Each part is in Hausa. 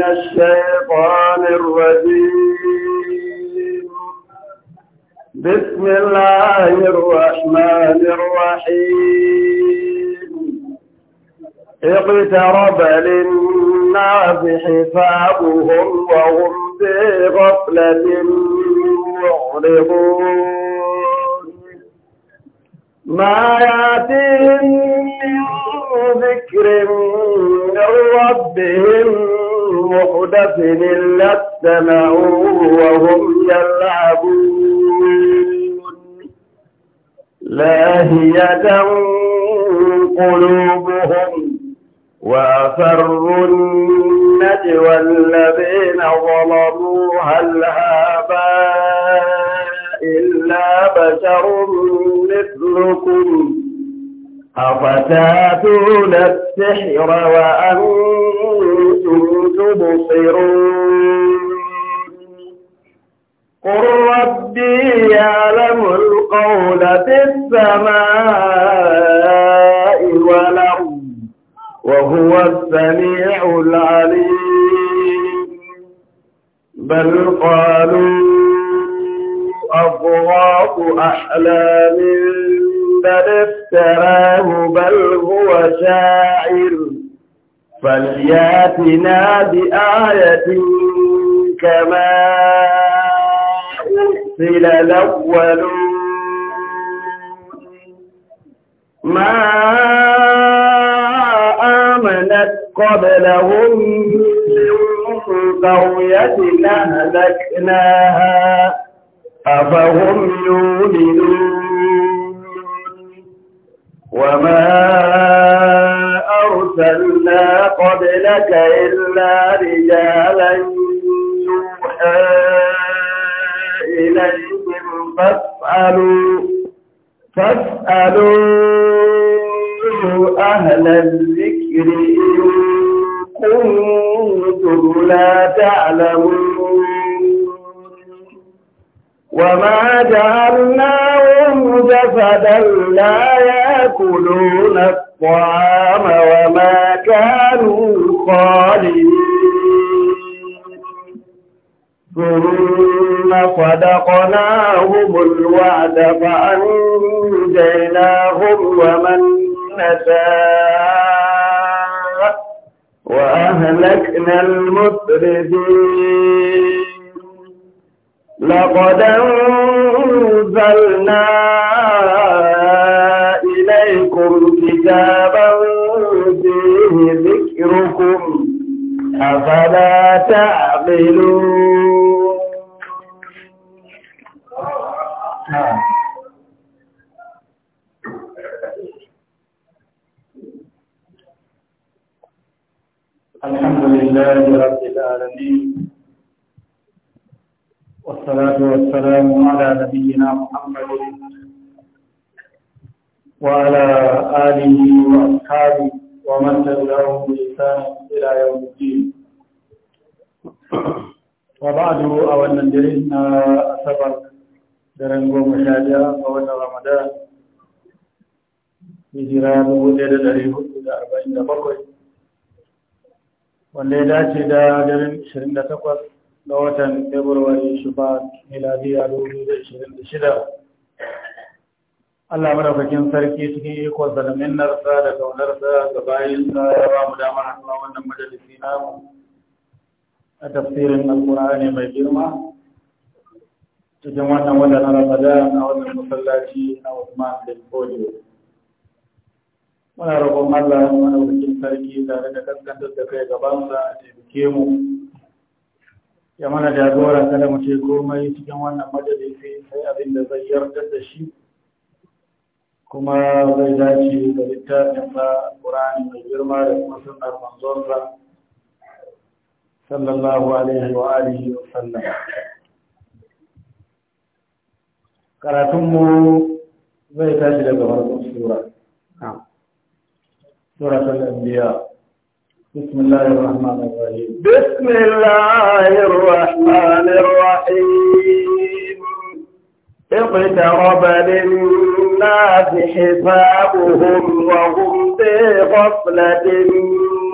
من الشيطان الرجيم بسم الله الرحمن الرحيم اقترب للناس حسابهم وهم في غفلة معرضون ما ياتيهم من ذكر من ربهم محدث إلا استمعوا وهم يلعبون لاهية قلوبهم وأسروا النجوى الذين ظلموا هل هذا إلا بشر مثلكم أفتاتون السحر وأنتم تبصرون قل ربي يعلم القول في السماء والأرض وهو السميع العليم بل قالوا أضغاث أحلام بل افتراه بل هو شاعر فلياتنا بآية كما أرسل الأولون ما آمنت قبلهم من قرية أهلكناها أفهم يؤمنون وما أرسلنا قبلك إلا رجالا يوحى إليهم فاسألوا فاسألوا أهل الذكر إن كنتم لا تعلمون وما جعلناهم جسدا لا يأكلون الطعام وما كانوا خالدين ثم صدقناهم الوعد فأنجيناهم ومن نشاء وأهلكنا المسرفين لقد أنزلنا إليكم كتابا فيه ذكركم أفلا تعقلون الحمد لله رب العالمين والصلاة والسلام على نبينا محمد وعلى آله وأصحابه ومن تبعهم بإحسان إلى يوم الدين وبعد أولا درسنا أسبق درنجو مشاجرة أولا رمضان hijira dubu ɗaya da ɗari hudu da arba'in da bakwai wanda ya ga watan Februari shufa miladiya shida. Allah madaukakin sarki cikin ikon da minnarsa da kaunarsa ga bayinsa ya ba mu damar haɗuwa wannan majalisi namu a tafsirin alkur'ani mai girma cikin wannan wata na ramadan a wannan masallaci na Usman bin Fodio. Muna roƙon Allah madaukakin sarki tare da kaskantar da kai gabansa a taimake mu ya mana jagora kada mu ce komai cikin wannan majalisi sai abin da zai yarda da shi kuma zai dace da littafin ba. Qur'ani mai girma da kuma sunnar manzon ba sallallahu alaihi wa alihi wa sallam karatun mu zai tashi daga farkon sura Sura suratul anbiya بسم الله الرحمن الرحيم بسم الله الرحمن الرحيم اقترب للناس حسابهم وهم في غفلة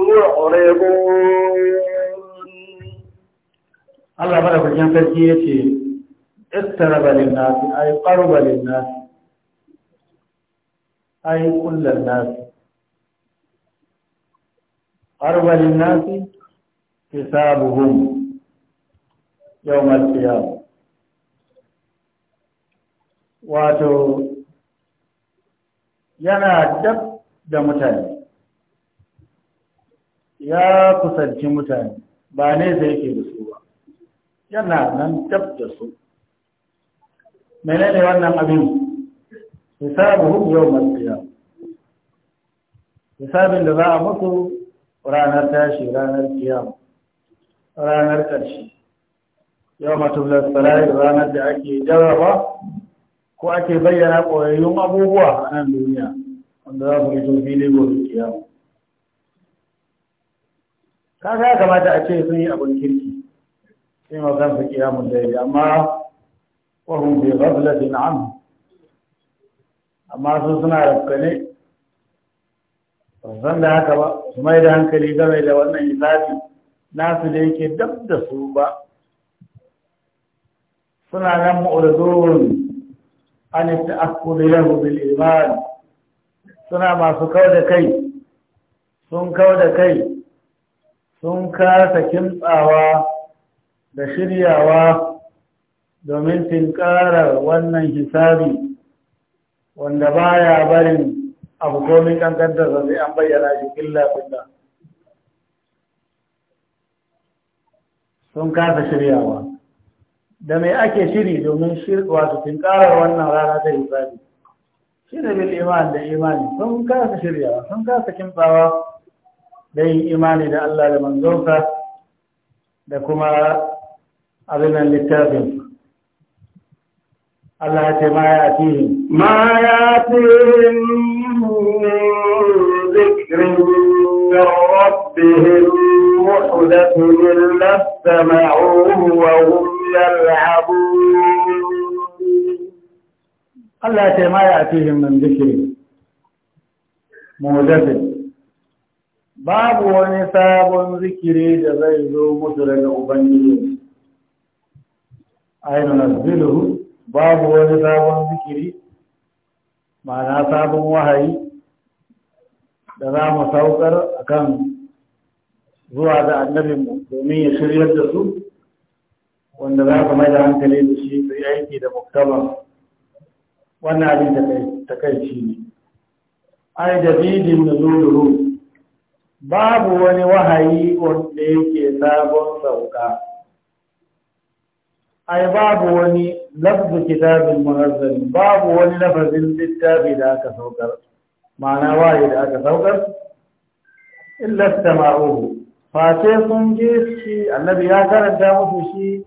معرضون الله بارك في تجيتي اقترب للناس أي قرب للناس أي كل الناس arwalin nasi hisabuhum yawmal qiyamah wato yana dab da mutane ya kusanci mutane ba ne sai yake da su ba yana nan dab da su menene wannan abin hisabu yau yawmal qiyamah hisabin da za a muku ranar tashi ranar kiyam ranar ƙarshe yau matublar sarari ranar da ake jarraba ko ake bayyana ƙoyayyun abubuwa a nan duniya wanda za mu fito fili gobe kiyam kaga ya kamata a ce sun yi abin kirki sai ma kansu kiyamun daidai amma wahun bai ghaflatin anhu amma su suna rafkane san da haka ba su mai da hankali game da wannan hisabi nasu da yake dab da su ba suna nan mu'urzun an ta'akkulu yahu bil iman suna masu kawo da kai sun kawo da kai sun kasa kimtsawa da shiryawa domin tinkarar wannan hisabi wanda baya barin abu komin kankanta sa an bayyana shi illa billa sun kasa shiryawa da mai ake shiri domin shirkwa su karar wannan rana ta hisabi shi da bil iman da imani sun kasa shiryawa sun kasa kimfawa, da yin imani da Allah da manzonsa da kuma abin littafin Allah ya ce ma ya fi ma ya fi wa Allah ya ce ma ya fi min zikirin muhdathin babu wani sabon zikiri da zai zo mutu daga ubangiji ayyana nazilu babu wani sabon zikiri ma'ana sabon wahayi da za mu saukar a kan zuwa da annabinmu domin ya shiryar da su wanda za ka mai da hankali da shi su yi aiki da muktaba wannan abin takaici ne ai da bidin na zuru babu wani wahayi wanda yake sabon sauka ai babu wani lafzu kitabin munazzal babu wani lafazin littafi da aka saukar ma'ana waye da aka saukar illa sama'uhu fa sai sun ji shi annabi ya karanta musu shi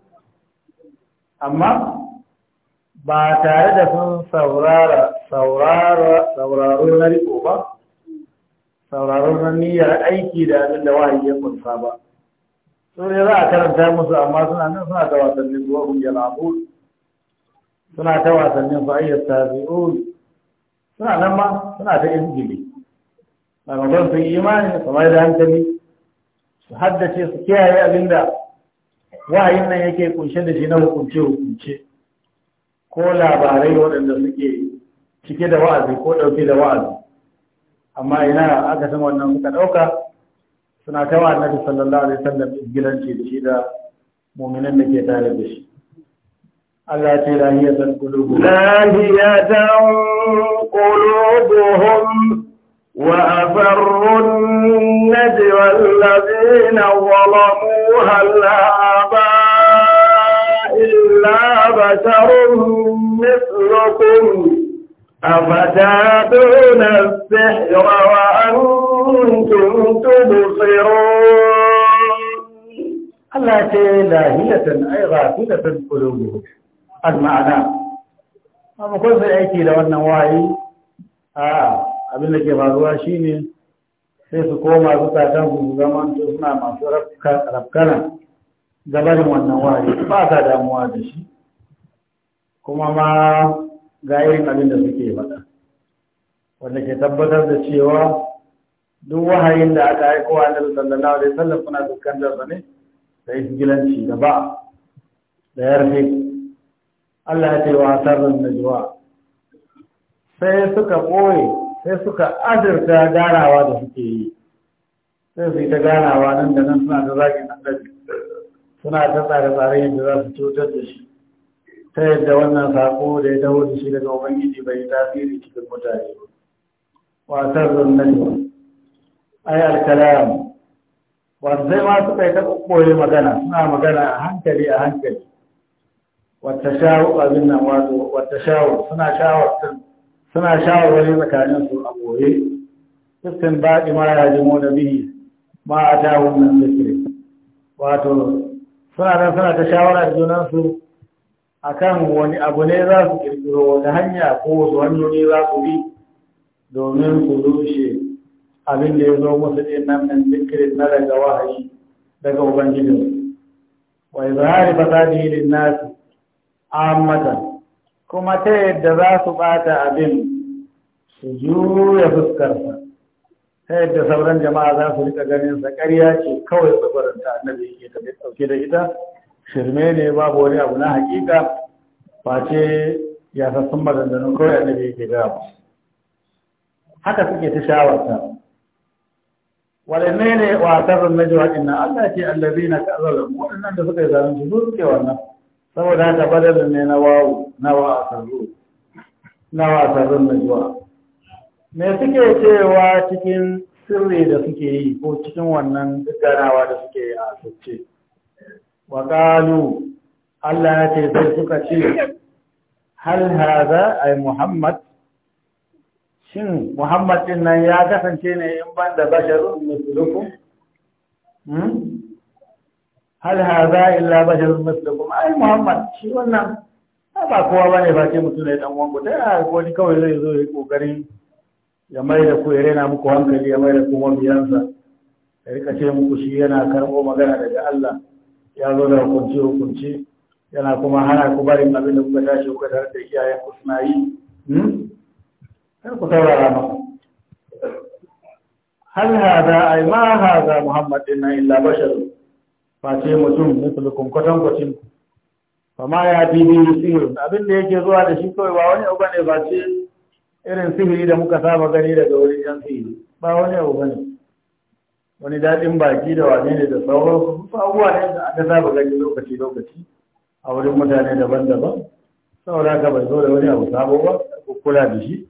amma ba tare da sun saurara saurara sauraro na riko ba sauraro na niyyar aiki da abin da wahayi ya kunsa ba sun za a karanta musu amma suna nan suna ta wasannin zuwa kungiyar abu suna ta wasannin fa'ayyar tabi'un suna nan ma suna ta a maimakon su yi imani su mai da hankali su haddace su kiyaye abinda wayin nan yake kunshe da shi na hukunce hukunce ko labarai waɗanda suke cike da wa'azi ko ɗauke da wa'azi amma ina aka san wannan suka ɗauka suna kai wa annabi sallallahu alaihi wasallam gilanci da shi da mu'minan da ke tare da shi Allah ce lahiyatan qulubuhum lahiyatan qulubuhum وأفروا النجوى الذين ظلموا هل هذا إلا بشر مثلكم أفتاتون السحر وأنتم kuntum tubsirun Allah ce lahiyatan ay ghafilatan qulubuhum al-ma'ana amma kun sai aiki da wannan waye. A'a, abin da ke faruwa shine sai su koma zukatan su zaman to suna masu rafkana gabarin wannan waye. ba sa damuwa da shi kuma ma ga irin abin da suke faɗa wanda ke tabbatar da cewa duk wahayin da aka aiko wa annabi sallallahu alaihi wasallam kuna fuskantar sa ne da gilanci da ba da yarfe Allah ya ce wa sarrin najwa sai suka ɓoye sai suka azurta ganawa da suke yi sai su yi ta ganawa nan da nan suna ta zagin da suna ta tsare-tsare yadda za su cutar da shi ta yadda wannan saƙo da ya dawo da shi daga ubangiji bai tasiri cikin mutane wa sarrin najwa ayi alkalam kalam wanzai ma suka yi ta koyi magana suna magana a hankali a hankali wata shawo abin nan wato wata shawo suna shawo suna wani tsakanin su a koye istin baɗi ma ya jimo da bihi ma a tawun nan zikiri wato suna nan suna ta shawara da A akan wani abu ne za su kirkiro wani hanya ko wasu hanyoyi za su bi domin su rushe abin da ya zo musu ɗin nan min zikirin na daga wahayi daga ubangiji wa izhari fasadihi lin nasi ammatan kuma ta yadda za su bata abin su juya fuskarsa ta yadda sauran jama'a za su rika ganin sa ƙarya ce kawai tsabaranta annabi yake da dauke da ita shirme ne babu wani abu na haƙiƙa, face ya sassun maganganun kawai annabi yake gaba haka suke ta shawarta wadanne ne wa tarar najwa inna Allah ce allazina kazalamu wadannan da suka yi zalunci su suke wannan saboda haka badalin ne na wawu na wa asarru na wa me suke cewa cikin sirri da suke yi ko cikin wannan ganawa da suke yi a sace wa qalu Allah ya ce sai suka ce hal haza, ai muhammad shin Muhammad din nan ya kasance ne in ban da basharun mislukum hmm? hal haza illa basharun mislukum ai Muhammad shi wannan ba kowa bane ba ce mutum ne dan wango da wani kawai zai zo ya kokarin ya mai da ku ya rena muku hankali ya mai da ku mabiyansa ya rika ce muku shi yana karɓo magana daga Allah ya zo da hukunci hukunci yana kuma hana ku barin abin da kuka tashi kuka tare da iyayen ku suna yi hmm? kar ku saurara masa hal hada ai ma hada muhammad din nan illa bashar face mutum mislukum kwatan kwatin fama ya bibi sihir abin da yake zuwa da shi kawai ba wani abu ne ba ce irin sihiri da muka saba gani daga wani yan sihiri ba wani abu bane wani daɗin baki da wane ne da sauransu su abubuwa ne da aka saba gani lokaci lokaci a wurin mutane daban-daban saboda haka bai zo da wani abu sabo ba ko kula da shi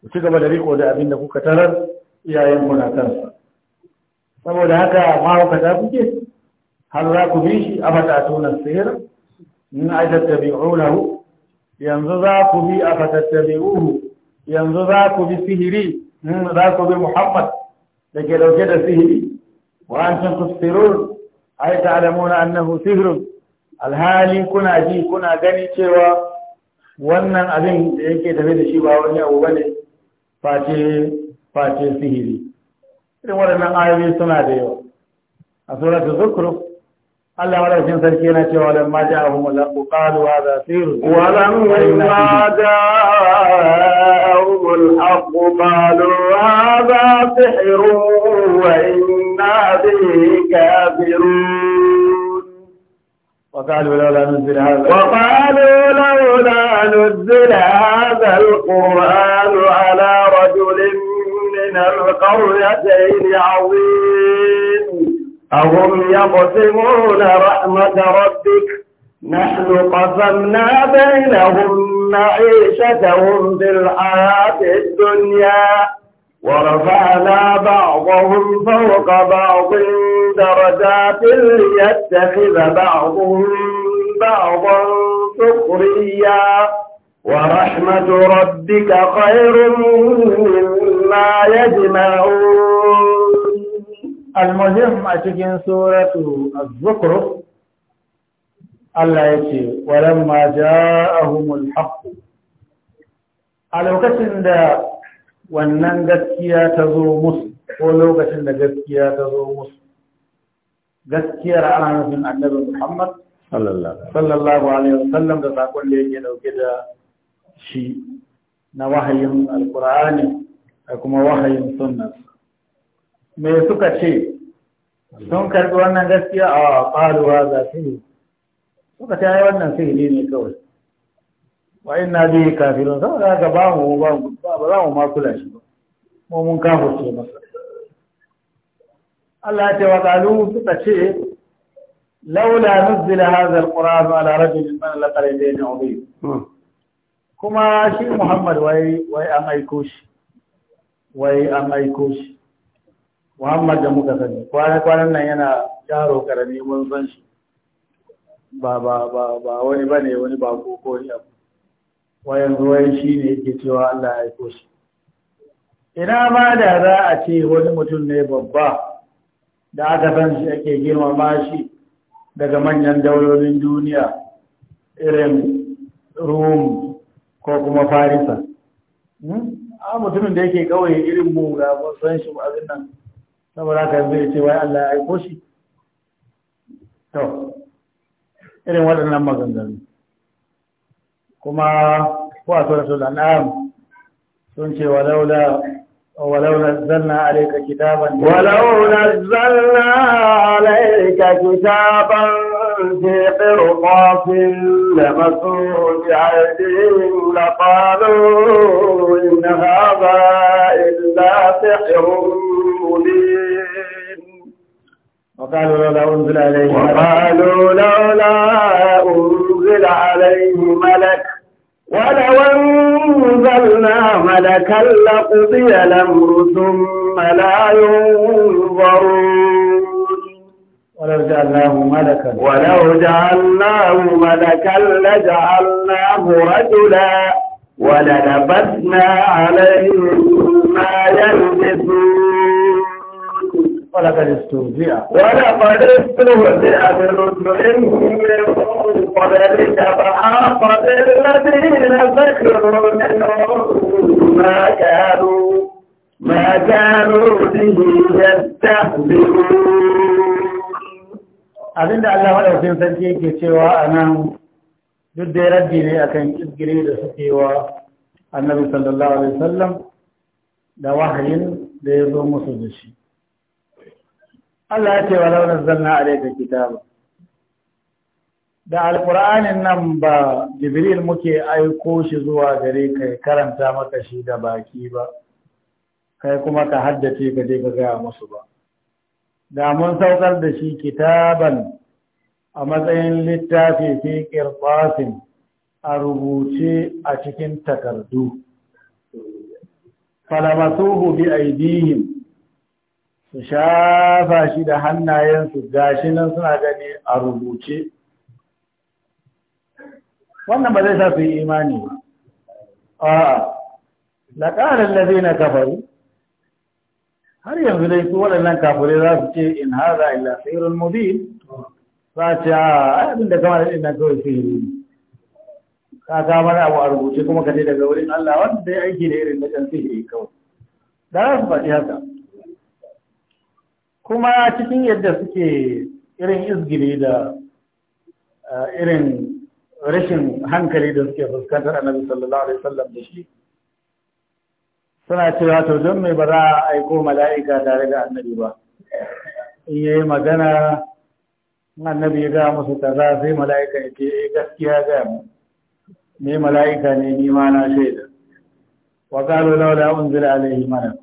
ku ci gaba da riko da abin da kuka tarar iyayen kuna kansa saboda haka mahaukata kuke har za ku bi shi a matatunan sayar in a tattabi'unahu yanzu za ku bi a uhu. yanzu za ku bi sihiri za ku bi muhammad da ke dauke da sihiri wa an tun tufsirun ai ta'lamuna annahu sihirun alhali kuna ji kuna gani cewa wannan abin da yake tafe da shi ba wani abu bane face face sihiri irin waɗannan ayoyi suna da yawa a suratul zukhruf Allah madaukin sarki yana cewa lam ma ja'ahum la qalu hadha sir wa lam ma ja'ahum al haqq qalu hadha sihr wa inna bihi kafirun وقالوا لولا نزل هذا وقالوا لولا نزل هذا القرآن على رجل من القريتين عظيم أهم يقسمون رحمة ربك نحن قسمنا بينهم معيشتهم في الحياة الدنيا ورفعنا بعضهم فوق بعض درجات ليتخذ بعضهم بعضا سخريا ورحمة ربك خير مما يجمعون المهم أتجن سورة الذكر الله يتي ولما جاءهم الحق على وقت wannan gaskiya ta zo musu ko lokacin da gaskiya ta zo musu gaskiyar ana nufin annabi Muhammad sallallahu alaihi wasallam da sakon da yake dauke da shi na wahayin alkur'ani da kuma wahayin sunna me suka ce sun karbi wannan gaskiya a qalu hadha sihr suka ta yi wannan sihiri ne kawai wa inna bi kafirun saboda ka ba mu ba mu ba za mu ma kula shi ba mu mun ce ba Allah ya ce wa qalu suka ce laula nuzila hadha alquran ala rajulin min alqaryatayn ubi kuma shi Muhammad wai wai an aiko shi wai an aiko shi Muhammad da muka sani kwana kwanan nan yana yaro karami mun san shi ba ba ba ba wani bane wani ba ko ko ni abu wayan ruwan shi ne yake cewa Allah ya aiko shi ina ma da za a ce wani mutum ne babba da aka san shi ake girmama shi daga manyan daulolin duniya irin rum ko kuma farisa hmm? a mutumin da yake kawai irin mu ga san shi ba nan saboda ka zai ce wai Allah ya aiko shi to irin waɗannan maganganu kuma kuwa suratul an'am sun ce walaula ولو نزلنا عليك كتابا ولو نزلنا عليك كتابا في قرطاس لمسوه بأيديهم لقالوا إن هذا إلا سحر مبين وقالوا لولا أنزل عليه وقالوا لولا أنزل عليه ملك ولو أنزلنا ملكا لقضي الأمر ثم لا ينظرون ولو جعلناه ملكا ولو جعلناه ملكا لجعلناه رجلا وللبسنا عليهم ما يلبسون ولقد استهزئ ولقد استهزئ برسل من قبلك فحاق بالذين سخروا منهم ما كانوا ما كانوا به يستهزئون abinda Allah madaukakin sarki yake cewa a nan duk da raddi ne akan kirgire da suke wa annabi sallallahu alaihi wasallam da wahayin da ya zo musu da shi Allah ya ce wa launin zanna a daga kitaba. Da alƙur'anin nan ba Jibril muke aiko shi zuwa gare ka karanta maka shi da baki ba, kai kuma ka haddace ka je ka gaya musu ba. Da mun saukar da shi kitaban a matsayin littafi fi ƙirƙasin a rubuce a cikin takardu. Falamasuhu bi aidihim su shafa shi da hannayensu gashi nan suna gani a rubuce wannan ba zai sa su yi imani ba a laƙarar zai na kafaru har yanzu dai su waɗannan kafirai za su ce in haza illa sirrun mubin za ce a abin da ɗin na kawai su yi ka ka mana abu a rubuce kuma ka daga wurin Allah wanda ya aiki da irin da kan sihiri kawai da za su faɗi haka kuma cikin yadda suke irin izgiri da eh, irin rashin hankali da suke fuskantar annabi sallallahu alaihi wasallam da shi suna cewa to don mai ba za a aiko mala'ika tare da annabi ba in yayi magana annabi ya ga musu kaza sai mala'ika ya ce eh, gaskiya ga mu me mala'ika ne ni ma na shaida wa qalu laula unzila alaihi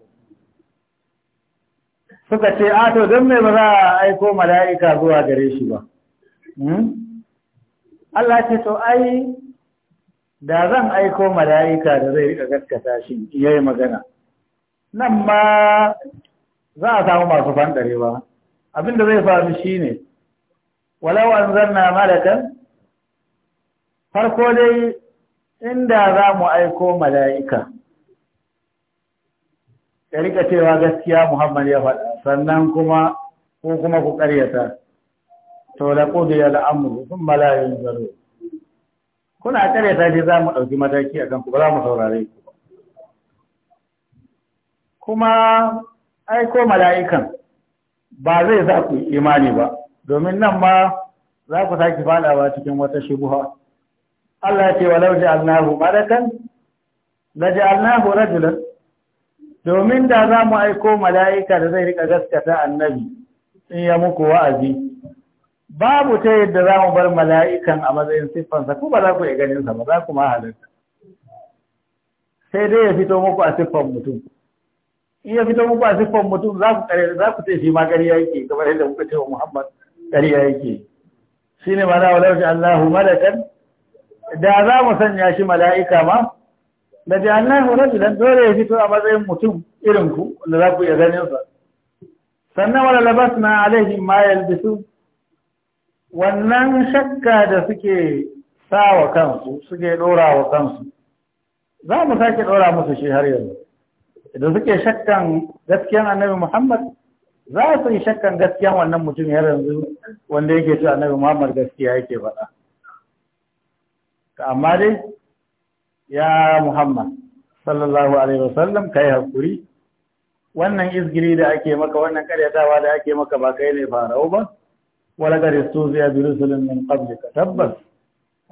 suka ce a ah, to don me ba za a aiko mala'ika zuwa gare shi ba hmm? Allah ce to ai da zan aiko mala'ika da zai rika gaskata shi yayi magana nan ma za a samu masu ba. abinda zai faru shi shine walau an zanna malakan farko dai inda za mu aiko mala'ika ya rika cewa gaskiya Muhammad ya faɗa sannan kuma ko kuma ku karyata to la qudiya al-amru thumma la yunzaru kuna karyata dai za mu ɗauki mataki akan ku ba za mu saurare ku kuma aiko mala'ikan ba zai za ku imani ba domin nan ma za ku sake fadawa cikin wata shubuha Allah ya ce walau ja'alnahu malakan la ja'alnahu rajulan domin da za mu aiko mala'ika da zai rika gaskata annabi in ya muku wa'azi babu ta yadda za mu bar mala'ikan a matsayin siffansa ko ba za ku iya ganinsa ba za ku ma halarta sai dai ya fito muku a siffan mutum in ya fito muku a siffan mutum za ku kare za ku ce shi ma ya yake kamar yadda muka ce wa Muhammad ƙarya yake ne ma na walau Allahu malakan da za mu sanya shi mala'ika ma da jihannan hulun idan dole ya fito a matsayin mutum irin ku da za ku iya ganin sa sannan wala na alaihi ma yalbisu wannan shakka da suke sa wa kansu suke dora wa kansu za mu sake dora musu shi har yanzu idan suke shakkan gaskiyan annabi Muhammad za su yi shakkan gaskiyan wannan mutum har yanzu wanda yake ce annabi Muhammad gaskiya yake faɗa amma dai ya Muhammad sallallahu alaihi wasallam kai hakuri wannan izgiri da ake maka wannan karyatawa da ake maka ba kai ne farau ba wala ga istuziya bi rusulin min qablika tabbas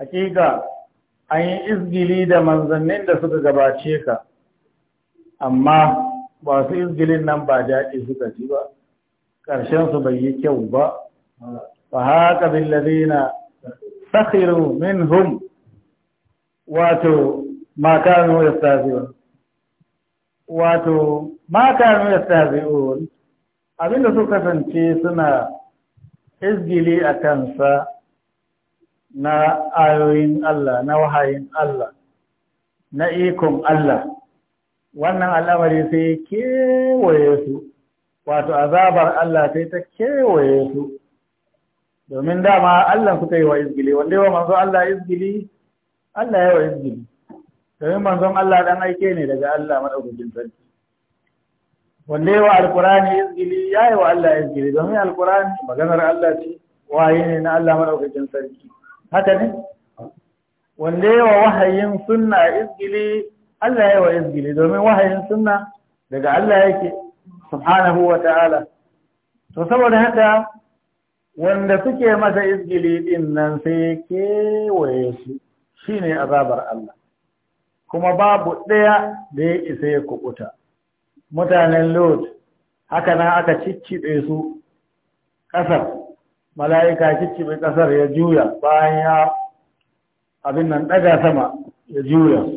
hakika an yi izgili da manzannin da suka gabace ka amma ba su izgilin nan ba daɗi suka ji ba ƙarshen su bai yi kyau ba fa haka bil ladina sakhiru minhum wato ma kanu yastazi'un wato ma kanu yastazi'un abinda su kasance suna izgili a kansa na ayoyin Allah na wahayin Allah na ikon Allah wannan al'amari sai kewaye su wato azabar Allah sai ta kewaye su domin dama Allah suka yi wa izgili wanda yawa manzo Allah izgili Allah ya wa izgili domin manzon Allah dan aike ne daga Allah madaukakin sarki wanda yawa alkurani izgili ya yi wa Allah izgili domin alkurani maganar Allah ce waye ne na Allah madaukakin sarki haka ne wanda yawa wahayin sunna izgili Allah ya yi wa izgili domin wahayin sunna daga Allah yake subhanahu wa ta'ala to saboda haka wanda suke masa izgili din nan sai kewaye su shine azabar Allah kuma babu ɗaya da ya isa ya kubuta mutanen lot haka nan aka cicciɓe su ƙasar mala'ika cicciɓe ƙasar ya juya bayan ya abin nan ɗaga sama ya juya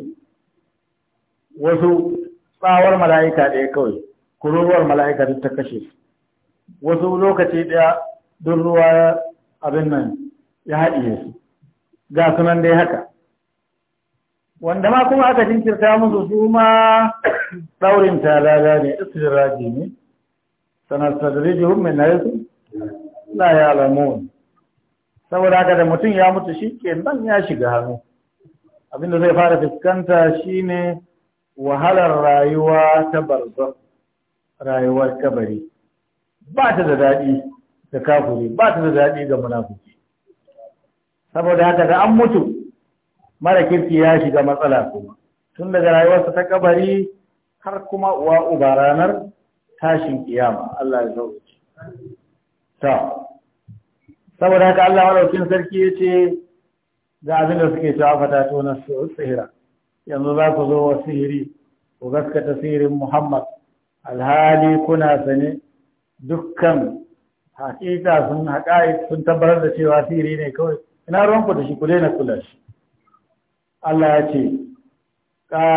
wasu tsawar mala'ika ɗaya kawai kururuwar mala'ika duk ta kashe wasu lokaci ɗaya duk ruwa abin nan ya haɗiye su ga sunan dai haka wanda ma kuma aka jinkirta musu su ma daurin talaga ne istijraji ne sanastadrijuhum min haythu la ya'lamun saboda haka da mutum ya mutu shi ke nan ya shiga hannu abinda zai fara fuskanta shine wahalar rayuwa ta barzan rayuwar kabari ba ta da daɗi ga kafuri ba ta da daɗi ga munafuki saboda haka da an mutu mara kirki ya shiga matsala kuma tun daga rayuwarsa ta kabari har kuma uwa uba ranar tashin kiyama Allah ya zauce ta saboda haka Allah madaukin sarki ya ce ga abin da suke cewa fata to na sihira yanzu za ku zo wa sihiri ku gaskata sihirin Muhammad alhali kuna sane dukkan hakika sun haƙa sun tabbatar da cewa sihiri ne kawai ina ruwan ku da shi ku daina kula shi قال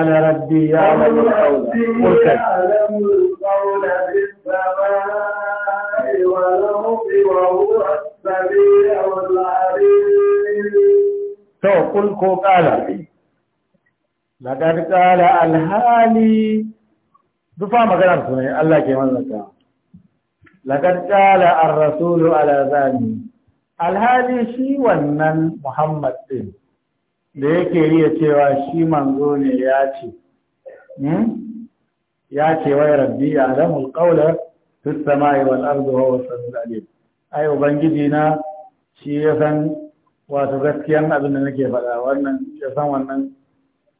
ربي يا رب القول يعلم القول بالسماء والأرض وهو السبيع العليم تو قل كو قال لقد قال الهالي دفع مغنى سنين الله كي من لك لقد قال الرسول على ذلك الهالي شي ونن محمد إيه. da yake iya cewa shi manzo ne ya ce hmm? ya ce wai rabbi ya alamul qawla fis samai wal ardi wa huwa alim ai ubangiji na shi ya san wato gaskiyar abin da nake faɗa wannan ya san wannan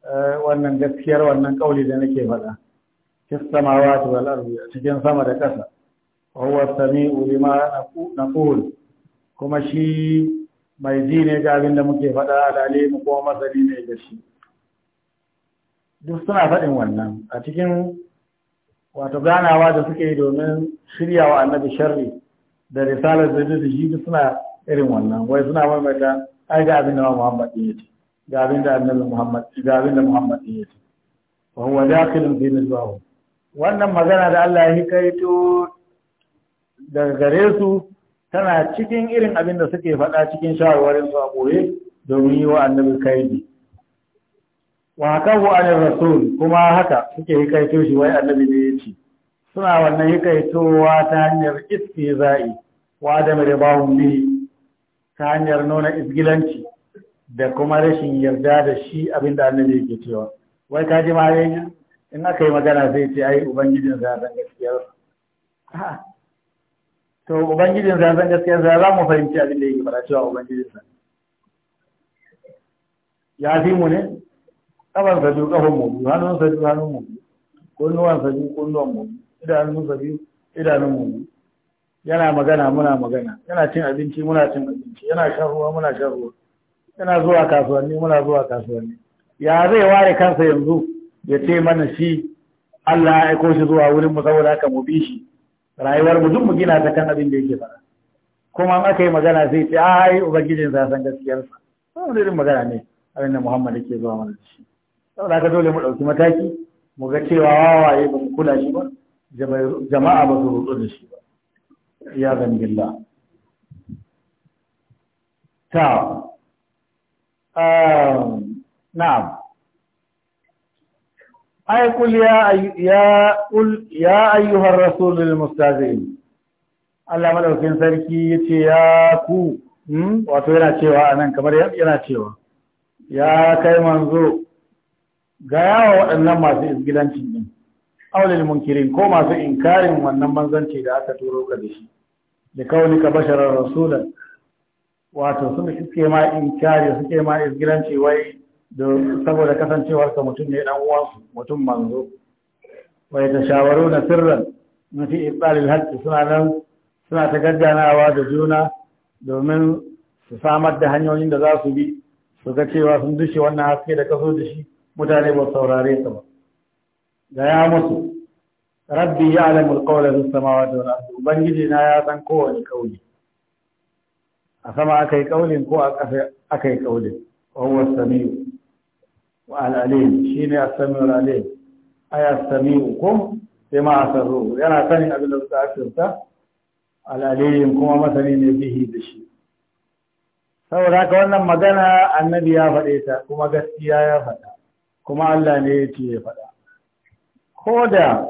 eh, wannan gaskiyar wannan kauli da nake faɗa fis samawati wal ardi cikin sama da ƙasa wa huwa sami'u lima naqul kuma shi mai ji ne ga abin da muke faɗa mu ko masani ne ga shi duk suna faɗin wannan a cikin wato ganawa da suke yi domin shirya wa annabi sharri da risalar da da shi duk suna irin wannan wai suna maimaita ai ga abin da Muhammad ya ce ga abin da annabi Muhammad ga abin da Muhammad ya ce wa huwa dakhilun fi nizwahu wannan magana da Allah ya to daga gare su tana cikin irin abin da suke faɗa cikin shawarwarin su a ɓoye domin yi wa annabi kaidi wa kahu anil rasul kuma haka suke hikaito shi wai annabi ne ya ce suna wannan hikaitowa ta hanyar istizai wa adam bahun bihi ta hanyar nuna isgilanci da kuma rashin yarda da shi abin da annabi yake cewa wai ka ji ma in aka yi magana sai ce ai ubangijin sa san gaskiyar to ubangijin ya san sa za mu fahimci abin da yake fara cewa sa ya fi mu ne kaban sa biyu kafan mu biyu hannun sa biyu hannun mu biyu kunnuwan sa biyu kunnuwan mu biyu idanun sa biyu idanun mu biyu yana magana muna magana yana cin abinci muna cin abinci yana shan ruwa muna shan ruwa yana zuwa kasuwanni muna zuwa kasuwanni ya zai ware kansa yanzu ya ce mana shi Allah ya aiko shi zuwa wurin mu saboda haka mu bi shi rayuwar mu duk mu gina ta kan abin da yake fara kuma an aka yi magana sai ce ai ubangijin sa san gaskiyar sa wannan irin magana ne abin da Muhammad yake zuwa mana shi saboda haka dole mu ɗauki mataki mu ga cewa wawaye ba mu kula shi ba jama'a ba su rutsu da shi ba ya zan billah ta um, na'am ai kul ya ya kul ya ayyuhar rasulul mustazin Allah madaukin sarki yace ya ku wato yana cewa anan kamar yana cewa ya kai manzo ga yawa waɗannan masu izgilanci din aulil munkirin ko masu inkarin wannan manzanci da aka turo ka da shi da kaunika basharar rasulan wato sun iske ma inkari suke ma izgilanci wai saboda kasancewar ka mutum ne dan uwansu mutum manzo wai ta shawaru na sirran na fi ibtalil haqqi suna nan suna ta gagganawa da juna domin su samar da hanyoyin da za su bi su ga cewa sun dushe wannan haske da kaso da shi mutane ba saurare ta ba ga ya musu rabbi ya alamu alƙawla su samawa da ubangiji na ya san kowane kauli a sama aka yi ko a ƙasa aka yi wa huwa al'alim shi ne a sami al'alim a ya sami hukum sai ma a sarro yana sanin abin da suka asirta al'alim kuma masani ne bihi da shi saboda haka wannan magana annabi ya faɗe ta kuma gaskiya ya faɗa kuma Allah ne ya ce ya faɗa ko da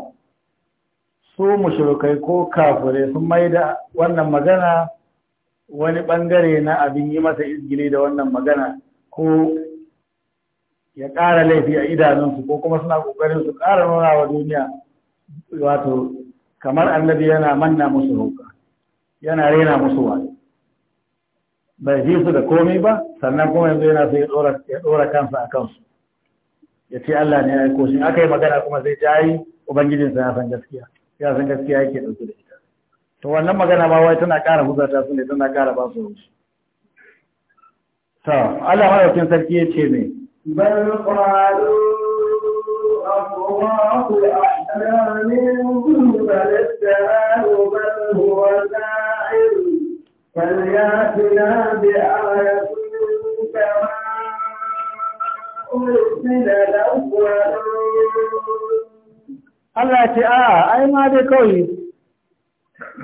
su mushrikai ko kafure sun mai da wannan magana wani ɓangare na abin yi masa izgili da wannan magana ko ya ƙara laifi a idanunsu ko kuma suna ƙoƙarin su ƙara nuna wa duniya wato kamar annabi yana manna musu roƙa yana rena musu wa bai ji su da komai ba sannan kuma yanzu yana sai ya ɗora kansa a kansu ya ce Allah ne ya yi koshin aka yi magana kuma sai ta yi ubangijinsa ya san gaskiya ya san gaskiya yake ɗauke da ita to wannan magana ba wai tana ƙara huzata su ne tana ƙara ba su rusu Allah madaukin sarki ya ce ne بل قالوا أفواه أحلام بل هو فلياتنا بآية كما أرسل الأولون Allah ce a ma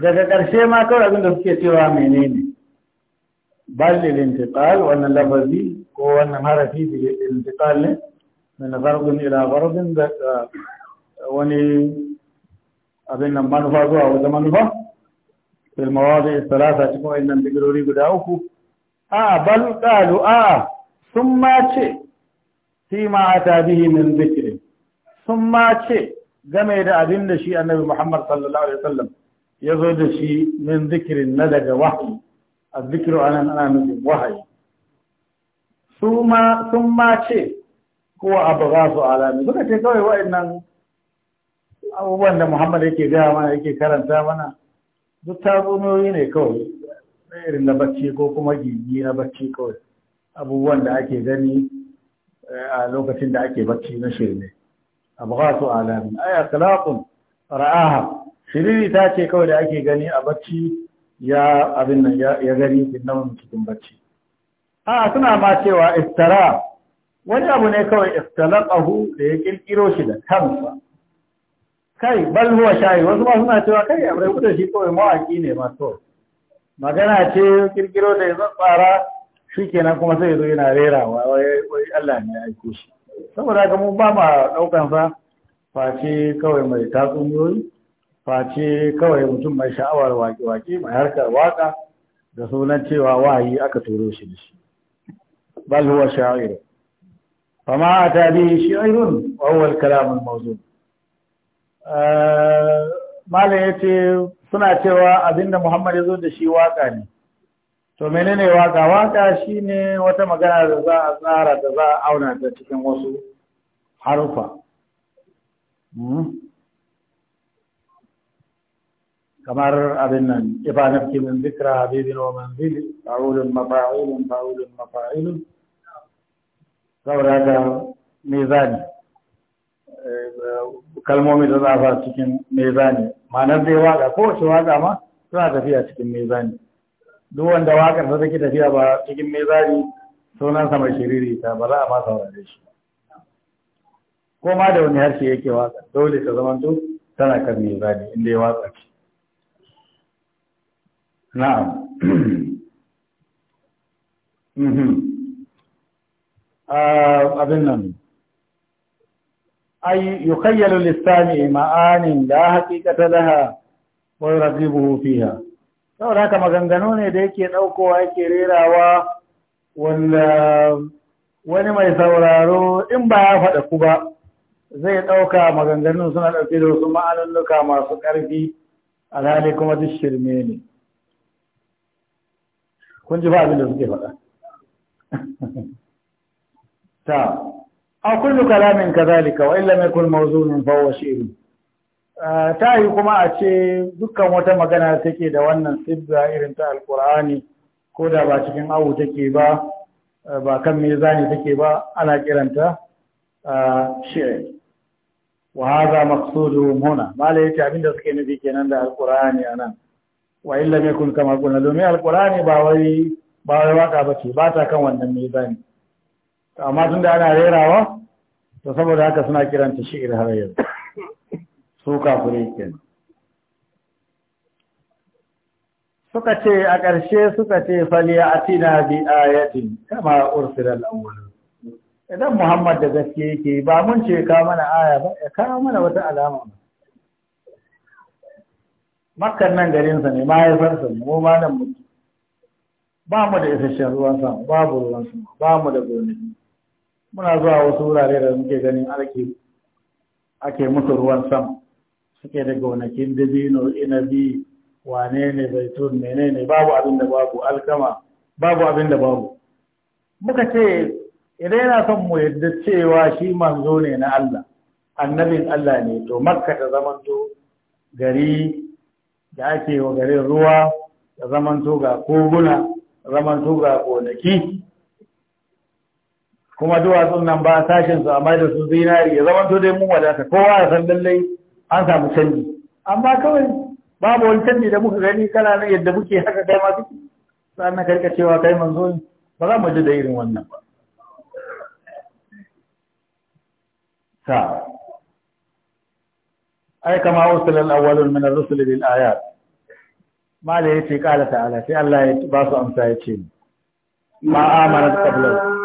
daga ƙarshe ma kawai abinda suke cewa menene Ba ne balilin tiqal wannan lafazi ko wannan harafi bi intiqal ne min zarbin ila zarbin da wani abin nan manufa zuwa wata manufa fil mawadi salasa cikin wayannan guda uku a bal qalu a sun ma ce fi ma ata min dhikri sun game da abinda da shi annabi Muhammad sallallahu alaihi wasallam ya zo da shi min na daga a zikiru anan ana nufin wahayi sun ma ce kowa abu za su alami suka ce kawai wa'annan abubuwan da muhammad yake gaya mana yake karanta mana duk tatsuniyoyi ne kawai na irin na bacci ko kuma gigi na bacci kawai abubuwan da ake gani eh, a lokacin da ake bacci na shirme abu za su alami aya kalakun ra'aha shiriri ta ce kawai da ake gani a bacci ya abin nan ya gani cikin bacci a suna ma cewa iftara wani abu ne kawai iftalaqahu da ya kirkiro shi da kansa kai bal huwa shayi wasu ma suna cewa kai a rabu da shi kawai mawaki ne ma to magana ce kirkiro da ya tsara shi kenan kuma sai ya zo yana wa wai Allah ne ya aiko shi saboda ga mu ba ma daukan sa face kawai mai tatsuniyoyi face kawai mutum mai sha'awar waki-waki mai harkar waƙa da sunan cewa wahayi aka turo shi da shi بل هو شاعر فما أتى به شعر وهو الكلام الموزون ما ya ce suna cewa abinda يزود ya zo da shi waka ne to menene waka waka shine wata magana da za a tsara da za a auna ta cikin wasu harufa kamar abin nan ifa nafki min zikra habibin wa manzili fa'ulun mafa'ilun fa'ulun mafa'ilun saboda ga mezani kalmomi da za a cikin mezani ma'anar dai waka kowace waka ma suna tafiya cikin mezani duk wanda wakar ta take tafiya ba cikin mezani sunan sama shiriri ta ba za a ma saurare shi ko ma da wani harshe yake waka dole ta zamanto tana kan mezani inda ya waka ce na'am mhm. abin nan ay yukayyalu lissani ma'anin la haqiqata laha wa yuradibuhu fiha saboda haka maganganu ne da yake ɗaukowa yake rerawa wanda wani mai sauraro in ba ya faɗa ku ba zai ɗauka maganganun suna ɗauke da wasu ma'anannuka masu ƙarfi alhali kuma duk shirme ne kun ji ba abin da suke faɗa ta a kullu kalamin kazalika wa illa mai kun mawzunin fawo shi'in ta yi kuma a ce dukkan wata magana take da wannan sibba irin ta alkur'ani ko da ba cikin awu take ba ba kan mezani take ba ana kiranta shi'in wa hadha maqsudu huna mala yace abinda suke nufi kenan da alqur'ani anan wa illa yakun kama qulna domin alqur'ani ba wai ba wai waka bace ba ta kan wannan mizani amma tun da ana rerawa to saboda haka suna kiranta shi'ir har yanzu su kafure kenan suka ce a ƙarshe suka ce faliya atina bi ayatin kama ursilal awwal idan Muhammad da gaske yake ba mun ce ka mana aya ba ya kawo mana wata alama ba makkan nan garinsa ne mahaifarsa ne mu ma nan mutu ba mu da isasshen ruwan sama babu ruwan sama ba mu da gonaki muna zuwa wasu wurare da muke ganin arki ake musu ruwan sama suke da gonakin dabino inabi wane ne zaitun Ne babu abin da babu alkama babu abin da babu muka ce idan yana son mu yadda cewa shi manzo ne na Allah annabin Allah ne to makka ta zamanto gari da ake wa garin ruwa da zamanto ga koguna zamanto ga gonaki kuma duwatsun nan ba sashin su amma da su zinari ya zama to dai mun wadata kowa ya san lallai an samu canji amma kawai babu wani canji da muka gani kana nan yadda muke haka kai ma suke sannan karka cewa kai manzo ba za mu ji da irin wannan ba ta ai kama usul al awwal min ar-rusul bil ayat mala yace qala ta'ala sai Allah ya ba su amsa yace ma amanat qablahu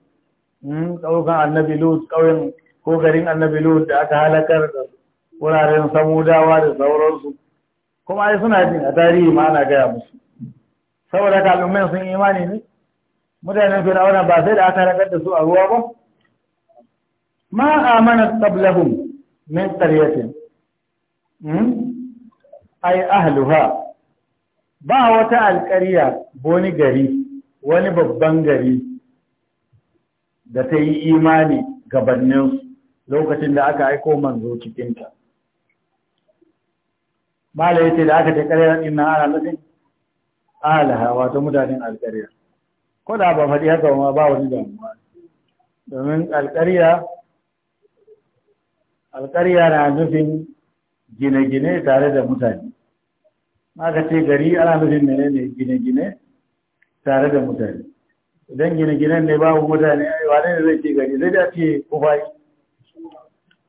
Hmm, ƙauyen annabi lut ƙauyen ko garin annabi lut da aka halakar da wuraren samudawa da sauransu kuma ai suna jin a tarihi ma ana gaya musu saboda al'ummai sun imani ne mutanen fir'auna ba sai da aka halakar da su a ruwa ba ma amana qablahum min qaryatin hmm? ai ahluha ba wata alƙarya wani gari wani babban gari da ta yi imani gabaninsu lokacin da aka aiko manzo cikinta. Mala ya ce da aka ce na ina ana nufin alaha wato mutanen alƙarya. Ko da ba faɗi haka ma ba wani damuwa. Domin alƙarya alƙarya na nufin gine-gine tare da mutane. Maka ce gari ana nufin menene gine-gine tare da mutane. idan gine-ginen ne babu mutane wane ne zai ke gari zai da ce ko yi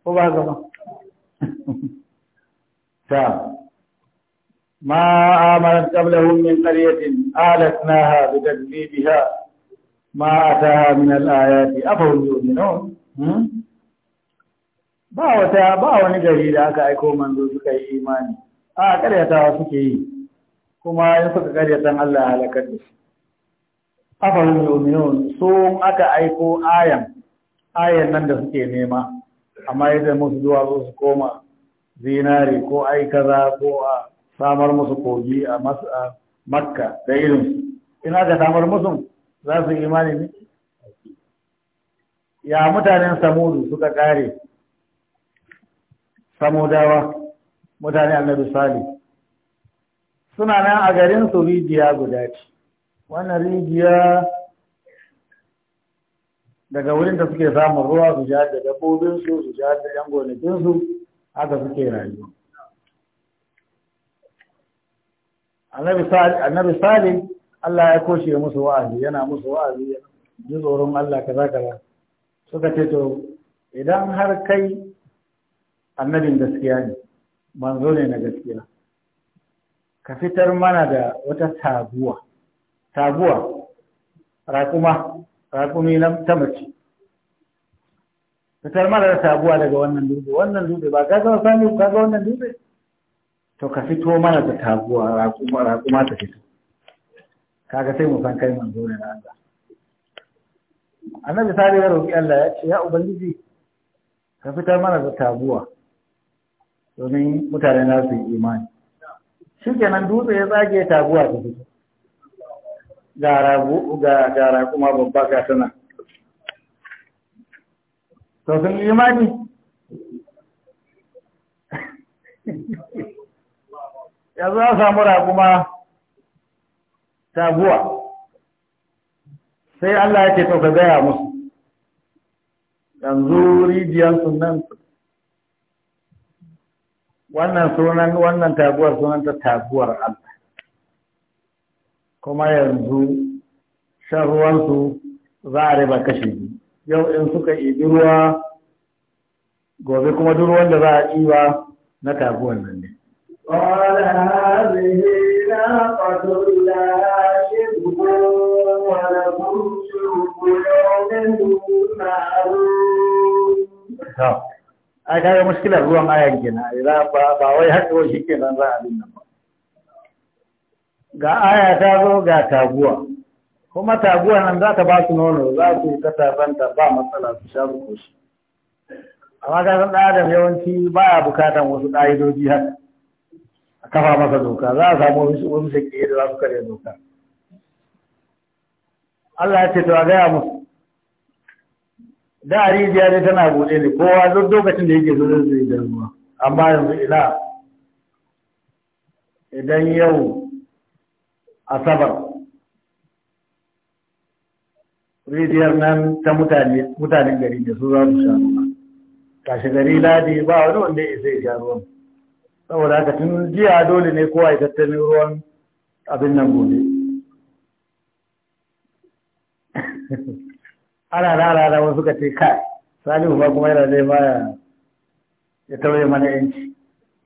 ko ba gama ta ما آمنت قبلهم من ta آلتناها بتكذيبها ما afa wani yau ne nawa? ba wata ba wani gari da aka aiko manzo suka yi imani a karyatawa suke yi kuma in suka karyatan Allah halakar da su afarin yominun su aka aiko ayan ayan nan da suke nema amma idan musu zuwa su koma zinari ko ai kaza ko a samar musu kogi a makka da irin ina ka samar musu za su imani ne ya mutanen samudu suka kare samudawa mutane annabi sali suna nan a garin su rijiya guda ce wannan rijiya daga wurin da suke samun ruwa su ja da dabbobin su ja da yan su, haka suke rayuwa annabi salim Allah ya koshe musu wa'azi yana musu wa'azi ji tsoron Allah kaza kaza suka ce to idan har kai annabin gaskiya ne manzo ne na gaskiya ka fitar mana da wata tabuwa. taguwa raƙuma raƙumi na ta mace fitar mara da taguwa daga wannan dutse wannan dutse ba ka zama sami ka ga wannan dutse to ka fito mana da taguwa raƙuma raƙuma ta fito kaga sai mu san kai zo ne na Allah annabi sai ya roƙi Allah ya ce ya ubangiji ka fitar mana da taguwa domin mutane na su yi imani kenan dutse ya tsage taguwa ta fito gara kuma babba ga tana to sun yi imani yanzu an samu raguma taguwa sai Allah ya ce to ka gaya musu yanzu rijiyansu nan wannan sunan wannan taguwar sunan ta taguwar Allah kuma yanzu shan ruwansu za a riba kashe yau in suka ibi ruwa gobe kuma duk ruwan da za a ɗiba na taguwan nan ne. قال هذه kaga muskilar ruwan ayan kenan ba wai haɗuwa shi kenan za a bin nan ga aya ta zo ga taguwa kuma taguwa nan za ka ba su nono za su yi katabanta ba matsala su sha su shi. amma ka san ɗan yawanci ba a bukatan wasu ƙa'idoji haka a kafa masa doka za a samu wasu shaƙi da za su karya doka Allah ya ce to a gaya musu da rijiya dai tana buɗe ne kowa duk lokacin da yake zuwa zai da ruwa amma yanzu ila idan yau asabar rijiyar nan ta mutanen gari da su za su sha ruwa shi gari ladi ba wani wanda ya sai sha ruwan saboda haka tun jiya dole ne kowa ya tattalin ruwan abin nan gobe ana rarara wasu ka ce kai salihu ba kuma yana zai baya ya tauye mana yanci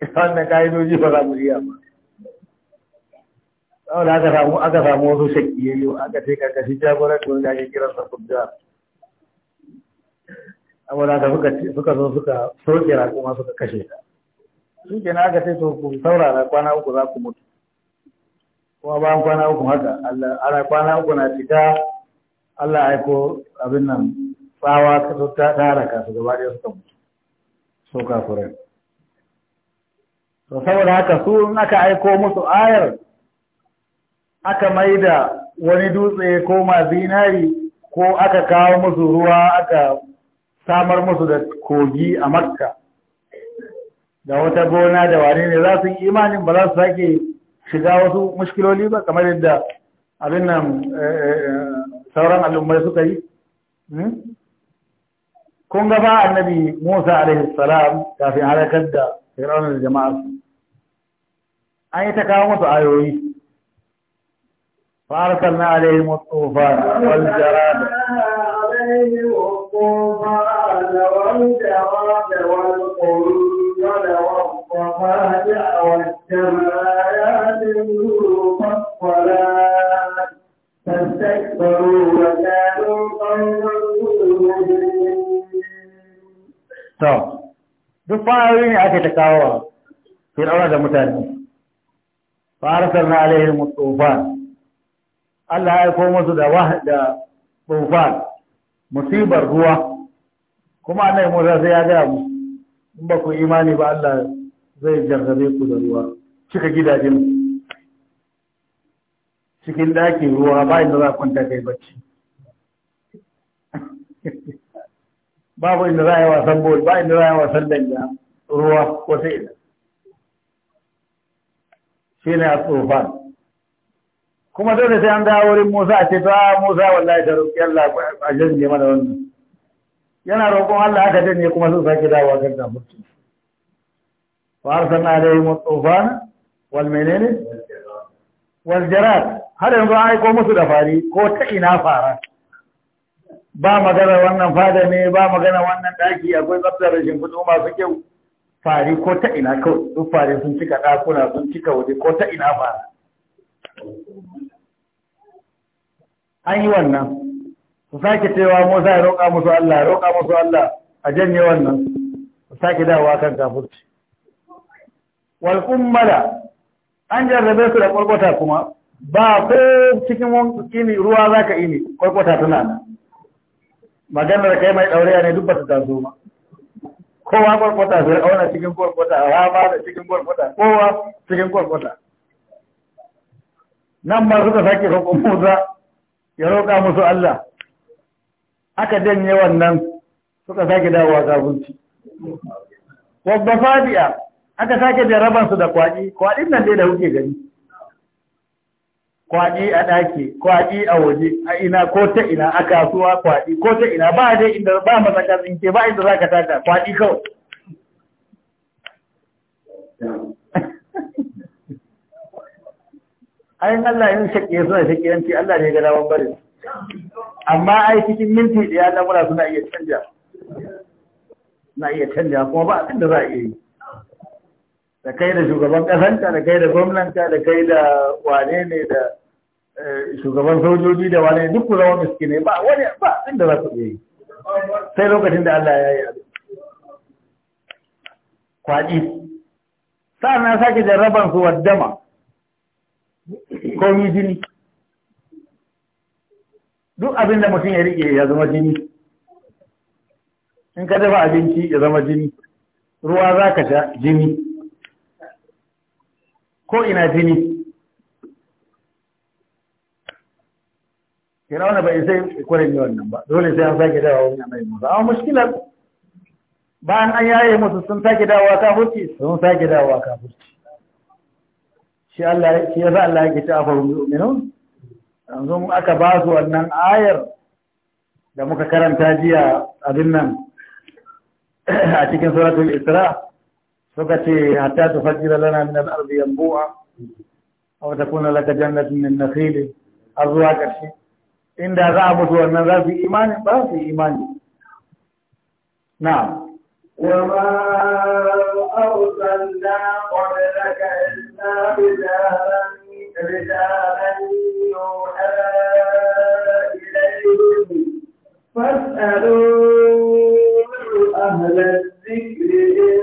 wannan ka'idoji ba za mu iya ba saboda aka samu aka samu wasu shakiyayyo aka ce karkashin jagoranci wanda ake kiransa kujjar saboda ka suka zo suka soke kuma suka kashe ta shi ke aka ce to ku saura saurara kwana uku za ku mutu kuma bayan kwana uku haka Allah. ana kwana uku na cika Allah ya aiko abin nan tsawa ta tara ka su gaba da suka mutu so kafirai to saboda haka su in aka aiko musu ayar aka maida wani dutse ko ma ko aka kawo musu ruwa aka samar musu da kogi a makka da wata gona da wani ne za su yi imanin ba za su sake shiga wasu mushkiloli ba kamar yadda abin nan eh, eh, eh, sauran al'ummai suka yi hmm? kun gaba annabi musa alaihi salam kafin halakar da fir'aunar jama'a an yi ta kawo musu ayoyi فأرسلنا عليهم الطوفان والجراد عليهم الطوفان والجراد والقنبل والضفادع والجمايات المفصلات فاستكبروا وكانوا قوما مجرمين. duk fa'ayoyi ne Allah ya aiko musu da da tufan musibar ruwa kuma annabi Musa sai ya gaya mu in ba ku imani ba Allah zai jarrabe ku da ruwa cika gidajen cikin ɗakin ruwa ba inda za kwanta kai bacci babu inda za a yi wasan bol ba inda za a yi wasan danja ruwa ko sai ina shi ne a tsofan kuma dole sai an dawo wurin Musa a ce ta ah, Musa wallahi ta roƙi Allah a janye mana wannan yana roƙon Allah aka janye kuma sun sake dawo kan mutum fa arsalna alaihim mutufan wal menene wal jarad har yanzu an aiko musu da fari ko ta ina fara ba magana wannan fada ne ba magana wannan daki akwai tsaftar rashin kudu masu kyau fari ko ta ina kawai duk fari sun cika ɗakuna sun cika waje ko ta ina fara an yi wannan su sake cewa Musa ya roƙa musu Allah ya roƙa musu Allah a janye wannan su sake dawowa kan kafurci wal kummala an jarrabe su da ƙwarƙwata kuma ba ko cikin wani ruwa za ka ini ƙwarƙwata tana nan maganar kai mai ɗauriya ne duk ba su taso ma kowa ƙwarƙwata su auna cikin a rama da cikin ƙwarƙwata kowa cikin ƙwarƙwata nan su suka sake roƙon Musa ya roƙa musu Allah aka janye wannan suka sake dawowa zabunci Wabba fadiya aka sake jarabansu da kwaɗi kwaɗin nan dai da kuke gani kwaɗi a ɗaki kwaɗi a waje a ina ko ta ina a kasuwa kwaɗi ko ta ina ba dai inda ba matsaka tsinke ba inda za ka taka kwaɗi kawai ayin Allah yin shakke suna yanci Allah ne ga daman barin amma ai cikin minti da ya lamura suna iya canja na iya canja kuma ba abin da za a iya yi da kai da shugaban kasanta, da kai da gwamnanta da kai da wane ne da eh, shugaban sojoji da wane duk ku zama miskinai ba wani ba abin da za su iya yi sai lokacin da Allah ya yi abin kwaɗi sa'an na sake jarraban su wa dama komi jini duk abin da mutum ya rike ya zama jini in ka dafa abinci ya zama jini ruwa za ka sha jini ko ina jini kira wani bai sai kwarin da wannan ba dole sai an sake dawa wani mai musu amma mushkilar bayan an yaye musu sun sake dawa kafurci sun sake dawa kafurci shi ya sa Allah ya ta fa mu'minun yanzu aka ba su wannan ayar da muka karanta jiya abin nan a cikin suratul isra suka ce hatta tufajjira lana min al-ardi yanbu'a aw takuna laka jannatun min nakhil zuwa kashi inda za a mutu wannan za su imani ba su imani na'am وما أرسلنا قبلك إلا رجالا رجالا يوحى إليهم فاسألوا أهل الذكر إن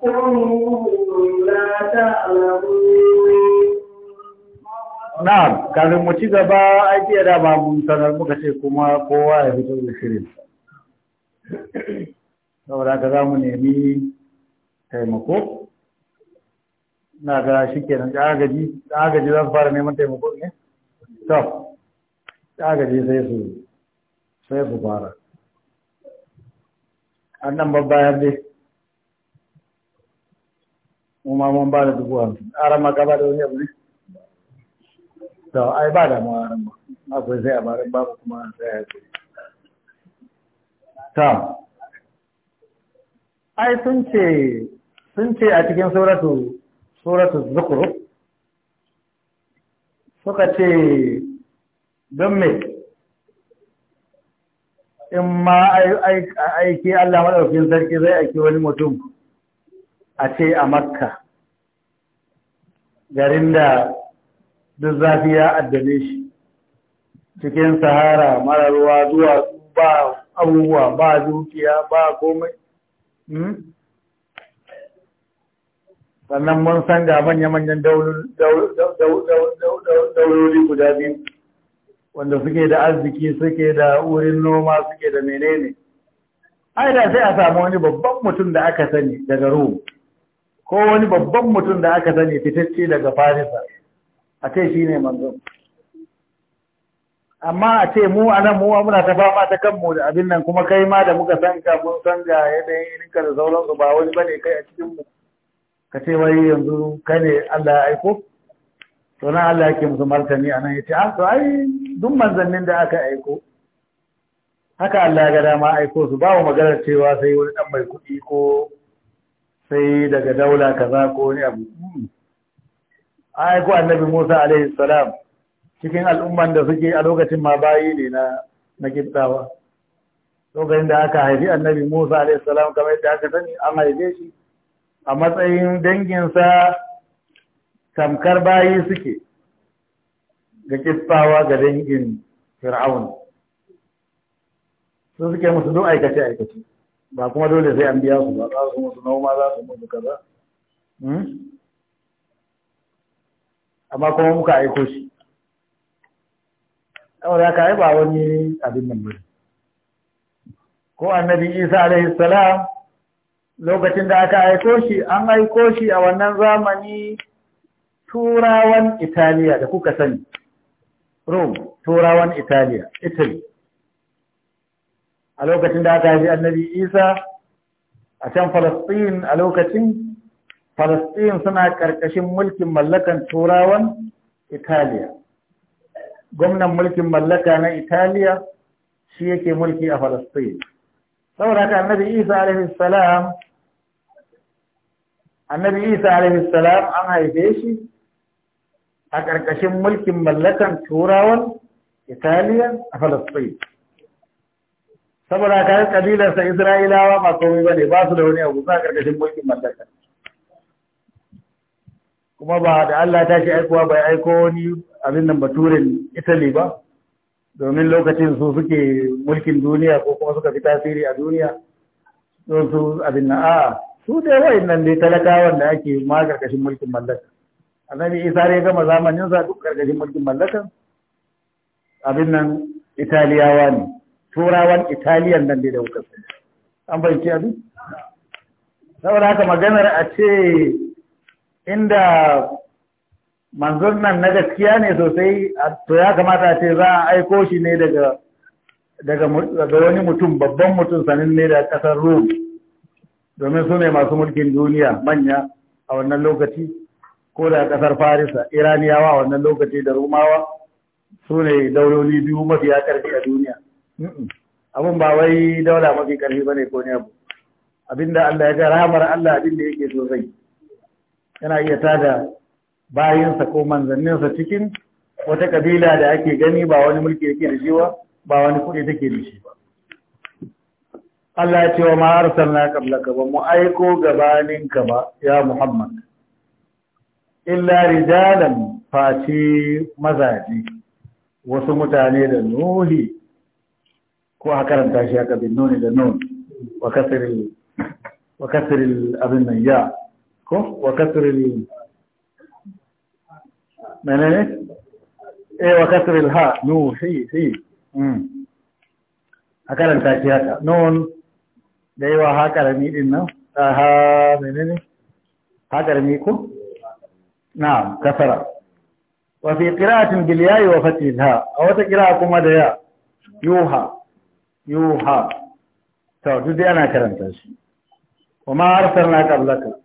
كنتم لا تعلمون Na'am, kafin mu ci gaba aiki da ba mun sanar muka ce kuma kowa ya fito da shirin. saboda ka za mu nemi taimako na ga shi kenan agaji agaji za su fara neman taimako ne to agaji sai su sai su fara an nan babbayar dai mu ma mun ba da dubu hamsin aran ma gaba da wani abu ne to ai ba da mu aran ma akwai sai a barin babu kuma sai a yi to ai sun ce sun ce a cikin suratu suratu zukuru suka ce don me in ma aiki Allah maɗaukin sarki zai aiki wani mutum a ce a makka garin da duk zafi ya addane shi cikin sahara mara ruwa zuwa ba abubuwa ba dukiya ba komai Hmm? sannan mun san ga manya-manyan daurori guda biyu wanda suke da arziki suke da wurin noma suke da menene ai da sai a samu wani babban mutum da aka sani daga ruwa, ko wani babban mutum da aka sani fitacce daga farisa a kai shi ne manzon amma a ce mu a nan mu muna ta fama ta kanmu da abin nan kuma kai ma da muka san ka mun san ga yanayin irinka da sauransu ba wani bane kai a cikin mu ka ce wai yanzu kai ne Allah ya aiko to nan Allah yake musu martani a nan ce, a? Ah, to ai duk manzannin da aka aiko haka Allah ga dama aiko su ba maganar cewa sai wani dan mai kuɗi ko sai daga daula kaza ko wani abu hmm. a aiko annabi Musa alaihi salam cikin al'umman da suke a lokacin ma bayi ne na na kibtawa lokacin da aka haifi annabi Musa alayhi salam kamar yadda aka sani an haife shi a matsayin danginsa tamkar bayi suke ga kiftawa, ga dangin Fir'aun su suke musu duk aikace aikace ba kuma dole sai an biya su ba za su musu noma za su musu kaza hmm? amma kuma muka aiko shi saboda haka ai ba wani abin nan bane ko annabi Isa alaihi salam lokacin da aka aiko shi an aiko shi a wannan zamani turawan Italiya da kuka sani Rome turawan Italiya Italy a lokacin da aka yi annabi Isa a can Falastin a lokacin Falastin suna ƙarƙashin mulkin mallakan turawan Italiya gwamnan mulkin mallaka na Italiya shi yake mulki a Falastin. Saboda ka annabi Isa alaihi annabi Isa alaihi salam an haife shi a ƙarƙashin mulkin mallakan turawan Italiya a Falastin. Saboda ka kabilarsa Isra'ilawa ba komai bane ba su da wani abu ba ƙarƙashin mulkin mallaka. kuma ba da Allah ta ce aikowa bai aiko wani abin nan baturin Italy ba domin lokacin su suke mulkin duniya ko kuma suka fi tasiri a duniya don su abin na, a'a su dai nan dai talakawan da ake ma karkashin mulkin mallaka annabi Isa ya gama zamanin sa duk karkashin mulkin mallaka abin nan Italiyawa ne turawan Italiyan nan dai da kuka an bayyana abin saboda haka maganar a ce inda manzon nan na gaskiya ne sosai to ya kamata ce za a aiko shi ne daga wani mutum babban mutum sanin ne da kasar Rome domin su ne masu mulkin duniya manya a wannan lokaci ko da kasar Farisa Iraniyawa a wannan lokaci da Rumawa su ne biyu mafi karfi a duniya abun ba wai daula mafi karfi bane ko ne abu abinda Allah ya ga rahamar Allah abin da yake so zai yana iya tada bayinsa ko manzanninsa cikin wata kabila da ake gani ba wani mulki yake da jiwa ba wani kuɗi take da shi ba Allah ya ce wa ma na qablaka ba mu aiko gabaninka ba ya Muhammad illa rijalan face mazaji wasu mutane da nuhi ko a karanta shi aka bin nuni da nun wa kasirin abin nan ya كف وكسر ال من ايه ايه وكسر الهاء نو هي هي هكذا تاتي هكذا نون دايوا هكذا ميدين اها من هكذا ميكو نعم كسر وفي قراءة بالياء وفتح الهاء او تقرا كما ديا يوها يوها تو دي انا كرنتاش وما ارسلنا قبلك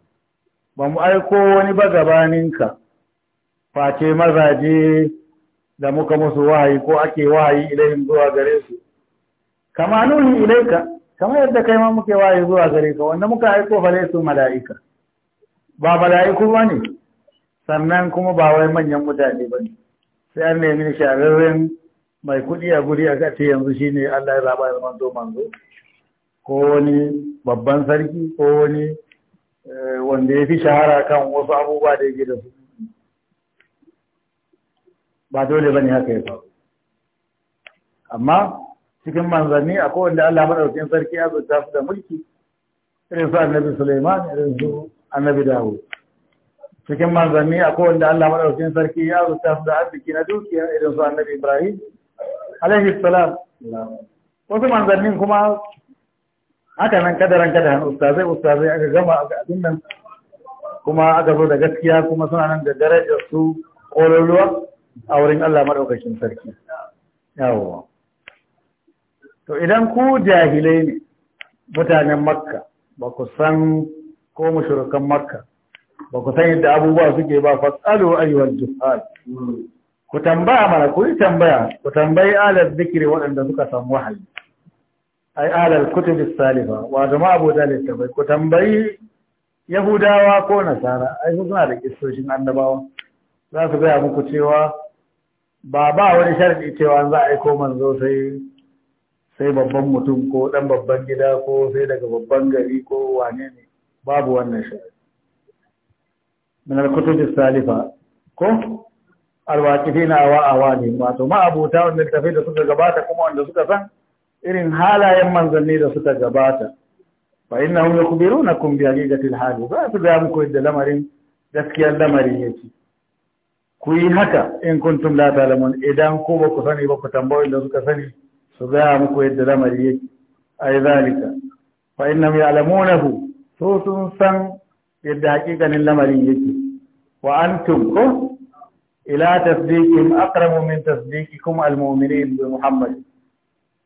ba mu aiko wani ba gabaninka face mazaje da muka musu wahayi ko ake wahayi ilayin zuwa gare su kama nuhi ilaika kama yadda kai ma muke wahayi zuwa gare ka wanda muka aiko fa su mala'ika ba mala'iku ba ne sannan kuma ba wai manyan mutane ba ne sai an nemi shahararren mai kuɗi a guri a kace yanzu shine Allah ya zaba ya zama manzo ko wani babban sarki ko wani Eh, wanda ya fi shahara kan wasu abubuwa da yake da su ba dole ba ne haka ya faru amma cikin manzanni akwai wanda Allah maɗaukin sarki ya zo tafi da mulki irin su annabi Suleiman irin su annabi Dawo cikin manzanni akwai wanda Allah maɗaukin sarki ya zo tafi da arziki na dukiya irin su annabi Ibrahim alaihi salam wasu manzannin kuma haka nan kadaran kadaran ustazai ustazai aka gama a abin nan kuma aka zo da gaskiya kuma suna nan da darajar su ƙololuwa a wurin Allah maɗaukakin sarki yawwa to idan ku jahilai ne mutanen makka ba ku san ko mashirukan makka ba ku san yadda abubuwa suke ba yi wa jihar. ku tambaya mana ku yi tambaya ku tambayi alal zikiri waɗanda suka samu wahayi ai alal kutub salifa wa jama'a abu dalil bai ku tambayi yahudawa ko nasara ai suna da kissoshin annabawa za su gaya muku cewa ba ba wani sharadi cewa za a aiko manzo sai sai babban mutum ko dan babban gida ko sai daga babban gari ko wane ne babu wannan sharadi min al-kutub salifa ko alwaqifina wa awani wato ma abuta wannan tafi da suka gabata kuma wanda suka san irin halayen manzanni da suka gabata fa hum yukhbirunakum bi haqiqatil hali ba su ga muku da lamarin gaskiyar lamarin yake ku yi haka in kuntum la ta'lamun idan ku ba ku sani ba ku da suka sani su ga muku yadda lamarin yake ai zalika fa innahum ya'lamunahu so sun san yadda haƙiƙanin lamarin yake wa antum ku? ila tasdiqihim aqrabu min tasdiqikum almu'minin bi Muhammadu.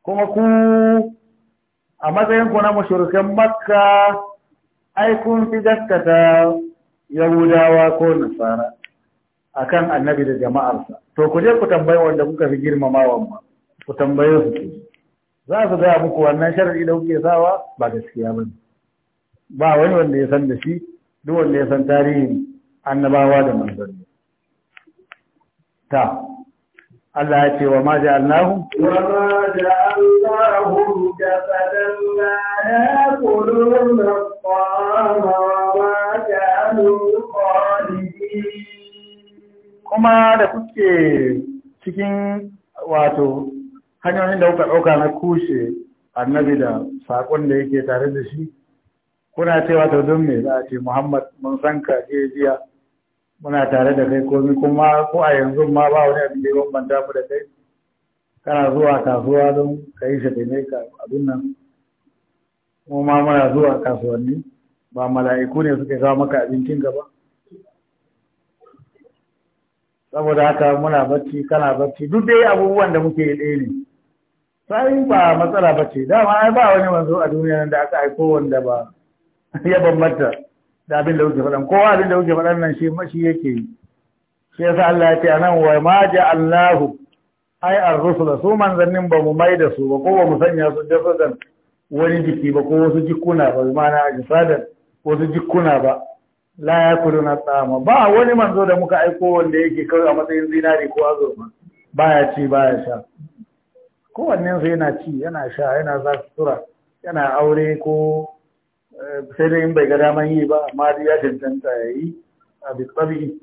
kuma ku a matsayin ku na mushrikan makka ai kun fi gaskata yahudawa ko nasara akan annabi da jama'arsa to ku je ku tambayi wanda kuka fi girmamawa ma ku tambaye su ke za su gaya muku wannan sharadi da kuke sawa ba gaskiya ba ne ba wani wanda ya san da shi duk wanda ya san tarihin annabawa da manzanni ta Allah ya ce wa ma ja'alnahum wa ma kuma da kuke cikin wato hanyoyin da kuka ɗauka na kushe annabi da saƙon da yake tare da shi kuna cewa ta don me za a ce Muhammad mun san ka jiya muna tare da kai komi kuma ko a yanzu ma ba wani abin da ya bambanta mu da kai kana zuwa kasuwa don ka yi shafe ka abin nan mu ma muna zuwa kasuwanni ba mala'iku ne suke kawo maka abincin ka ba saboda haka muna bacci kana bacci duk dai abubuwan da muke yi ɗaya ne sai ba matsala bace dama ai ba wani wanzu a duniya da aka aiko wanda ba ya bambanta da abin da kuke faɗan kowa abin da kuke faɗan nan shi mashi yake yi shi yasa Allah ya ce anan wa ma ja'allahu ai ar-rusul su manzannin ba mu mai da su ba ko ba mu sanya su ga wani jiki ba ko wasu jikuna ba ma'ana sadar wasu jikuna ba la ya kudu na tsama ba wani manzo da muka aiko wanda yake kawai a matsayin zinari ko azurfa baya ci baya sha Kowannensu yana ci yana sha yana za tura yana aure ko sai dai in bai ga daman yi ba amma dai ya tantanta ya yi a bitsabi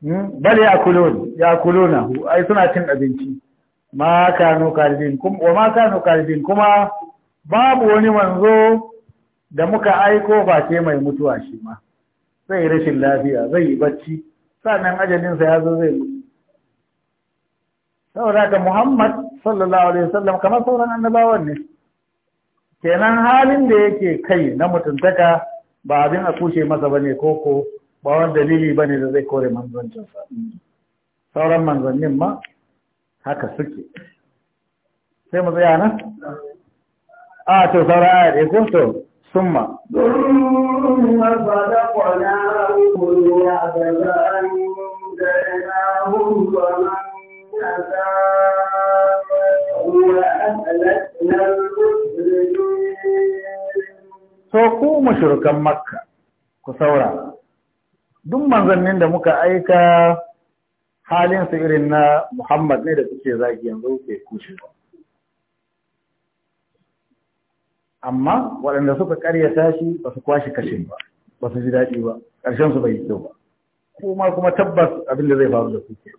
hmm? bal ya kulon ya kulona ai suna cin abinci ma kanu kalbin kuma wa ma kanu kalbin kuma babu wani manzo da muka aiko ba ce mai mutuwa shi ma zai rashin lafiya zai yi bacci sannan ajalinsa ya zo zai mutu saboda ka Muhammad sallallahu alaihi wasallam kamar sauran annabawan ne kenan halin da yake kai na mutuntaka ba abin a kushe masa ba ne, koko ba wani dalili ba ne da zai kore manzancinsa sauran manzannin ma haka suke sai mu tsaya nan a to sauran aya ɗaya eh, ko to summa ثم صدقناهم الوعد so ku mushrikan makka ku saura duk manzannin da muka aika halin su irin na Muhammad ne da kuke zagi yanzu ke kushe amma waɗanda suka karyata shi ba su kwashi kashin ba ba su ji daɗi ba ƙarshen su bai yi kyau ba kuma kuma tabbas abin da zai faru da suke.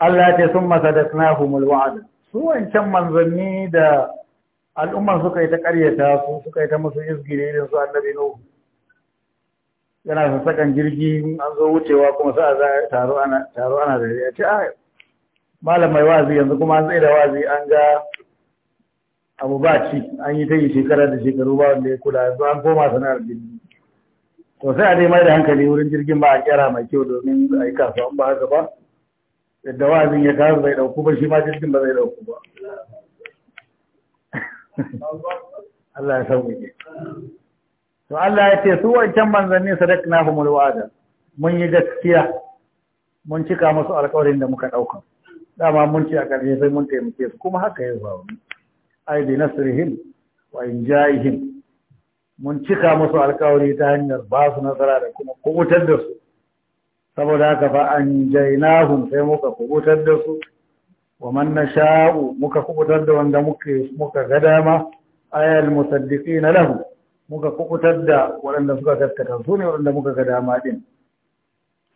Allah ya ce sun masa da sunahumul mulwa'ad. su wancan manzanni da Al'umma suka yi ta ƙaryata su suka yi ta musu izgiri irin su annabi nuhu yana sassakan jirgi an zo wucewa kuma sa za taro ana taro ana da ya ce a malam mai wazi yanzu kuma an tsaye da wazi an ga abu ba ci an yi ta yi shekara da shekaru ba wanda ya kula yanzu an koma sana'ar jirgi to sai a dai mai da hankali wurin jirgin ba a kera mai kyau domin a yi kasuwa ba haka ba yadda wazin ya kawo bai dauku ba shi ma jirgin ba zai dauku ba Allah ya sauƙi. to Allah ya ce su wancan manzanni fi wa'ada mun yi gaskiya mun cika musu alƙawarin da muka ɗauka dama mun ce a ƙarshe sai mun taimake su kuma haka ya wani. ai bi nasrihim wa injahihim mun cika musu alƙawari ta hanyar ba su nasara da kuma kubutar da su saboda haka fa an jainahum sai muka kubutar da su wa man nasha'u muka kubutar da wanda muka ga dama ayal musaddiqina lahu muka kubutar da waɗanda suka tattaka su ne waɗanda muka ga dama din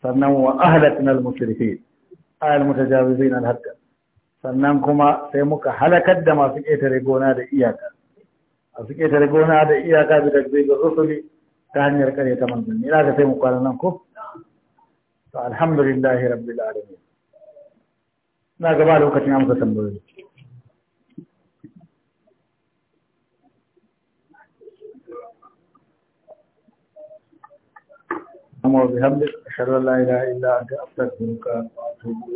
sannan wa ahlakna al musrifin ayal mutajawizin al hadda sannan kuma sai muka halakar da masu ƙetare gona da iyaka a su ƙetare gona da iyaka bi takzibir rusuli ta hanyar kare ta manzanni ina ka sai mu kwana nan ko to alhamdulillahi alamin na gaba lokacin ya muka tambaye amma bihamdik shallallahu la ilaha illa anta astaghfiruka wa atubu